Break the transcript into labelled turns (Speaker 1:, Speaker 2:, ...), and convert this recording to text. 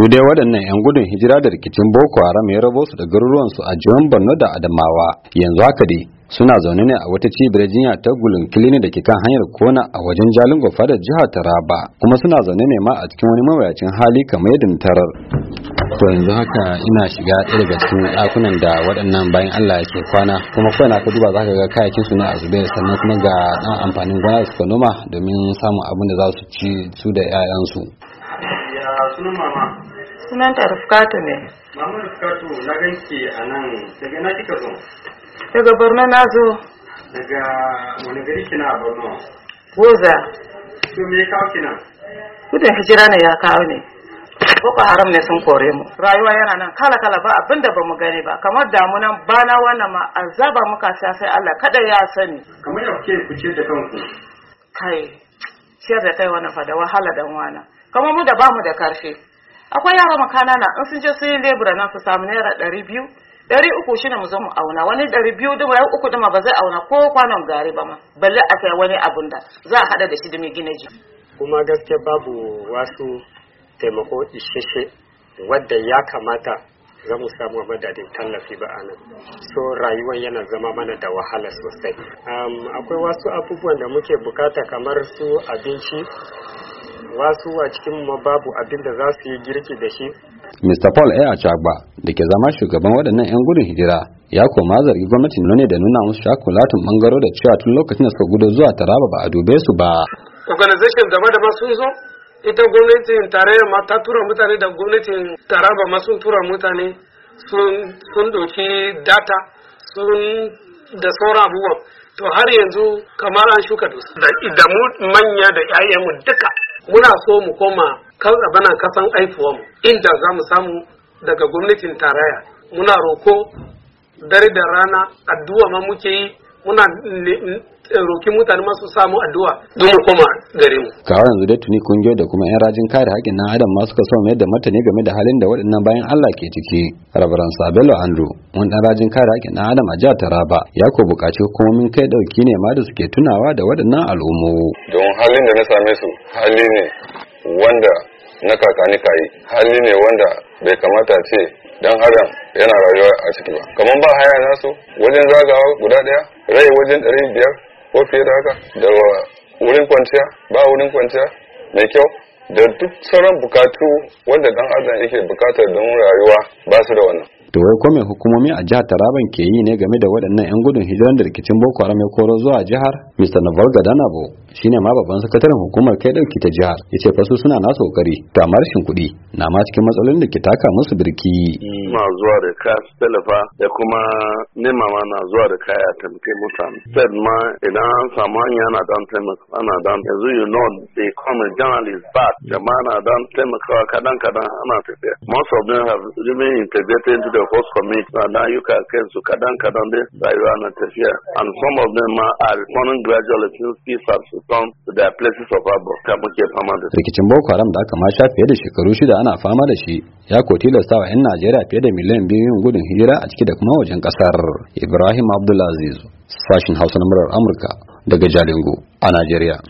Speaker 1: su dai waɗannan 'yan gudun hijira da rikicin boko haram ya rabo su da garuruwansu a jihar borno da adamawa yanzu haka dai suna zaune ne a wata cibiyar jinya ta gulun kilini da ke kan hanyar kona a wajen jalingo da jihar taraba kuma suna zaune ne ma a cikin wani mawuyacin hali kamar yadda tarar to yanzu haka ina shiga ɗaya daga cikin ɗakunan da waɗannan bayan Allah ya ke kwana kuma na ka duba za ka ga kayakin su ne a zube sannan kuma ga ɗan amfanin gona da suka noma domin samun abin da za su ci su da 'ya'yansu
Speaker 2: sunan mama sunan ta rufkatu ne mama rufkatu na ganki a nan daga na kika zo daga borno na zo
Speaker 1: daga wani gari kina a borno
Speaker 2: goza to me kawo kina gudun hijira ne ya kawo ne Boko Haram ne sun kore mu. Rayuwa yana nan kala kala ba abin da bamu gani ba. Kamar damunan bana wannan ma azaba muka sha sai Allah kada ya sani. Kamar ya
Speaker 1: ku kuce da kanku.
Speaker 2: Kai, ciyar da kai wannan fa da wahala dan wannan. kamar mu da ba mu da karfe akwai yara makana na in sun je sun yi lebura na su samu naira ɗari biyu ɗari uku shine mu zo mu auna wani ɗari biyu duma ya uku duma ba zai auna ko kwanan gari ba ma balle a kai wani abun da za a haɗa da shi da mai gina ji. kuma gaske babu wasu taimako isheshe
Speaker 1: wadda ya kamata za mu samu madadin tallafi ba anan so rayuwar yana zama mana da wahala sosai akwai wasu abubuwan da muke bukata kamar su abinci wasu a cikin babu abin da za su yi girki da shi Mr Paul A. Achagba da ke zama shugaban waɗannan 'yan gudun hijira ya koma zargi gwamnati gwamnatin nune da nuna musu shakulatin bangaro da cewa tun lokacin da suka gudu zuwa taraba ba a dube su ba
Speaker 2: organization game da sun zo ita gwamnatin tarayyar ma ta tura mutane da gwamnati taraba ma sun tura mutane sun doki data sun da sauran abubuwan to har yanzu kamar an shuka dusu da mu manya da 'ya'yanmu duka muna so mu koma kan bana kasan aifuwan inda za mu samu daga gwamnatin tarayya muna roko dare da rana addu'a ma muke yi muna roki mutane masu samu addu'a don mu koma
Speaker 1: gare mu Kawai yanzu da tuni kungiyoyi da kuma yan rajin kare haƙƙin na adam ma suka so mai da martani game da halin da waɗannan bayan Allah ke ciki rabaran sabelo andrew wani ɗan rajin kare haƙƙin na adam a jihar taraba ya ko buƙaci hukumomin kai ɗauki ne ma da suke tunawa da waɗannan al'ummu
Speaker 2: don halin da na same su hali ne wanda na kakani kayi hali ne wanda bai kamata ce dan adam yana rayuwa a ciki ba kamar ba haya nasu wajen zagawa guda ɗaya rai wajen ɗari biyar ko fiye da haka da wurin kwanciya ba wurin kwanciya mai kyau da duk sauran bukatu wanda dan adam yake bukatar don rayuwa ba su da wannan
Speaker 1: to wai kome hukumomi a jihar Taraban ke yi ne game da waɗannan 'yan gudun hijiran da rikicin Boko Haram ya koro zuwa jihar Mr. Navalga Danabo shine ma babban sakataren hukumar kai dauki ta jihar yace fa su suna nasu kokari to amma rashin kuɗi na ma cikin matsalolin da ke taka musu birki na zuwa da ka talafa da kuma nema ma na zuwa da kaya tamke mutane said ma idan an samu hanya ana dan taimaka ana dan yanzu you know the common journalist back jama'a na dan taimakawa kadan kadan ana tafiya most of them have remained integrated into the host community na ayyuka kansu kadan kadan dai rayuwa na tafiya and some of them are responding gradual refugee have to places of harbor muke rikicin boko haram da aka ma sha fiye da shekaru shida ana fama da shi ya ko tilasta wa 'yan najeriya fiye da miliyan biyu yin gudun hijira a ciki da kuma wajen kasar
Speaker 2: ibrahim abdulaziz sashen hausa na murar amurka daga jalingo a najeriya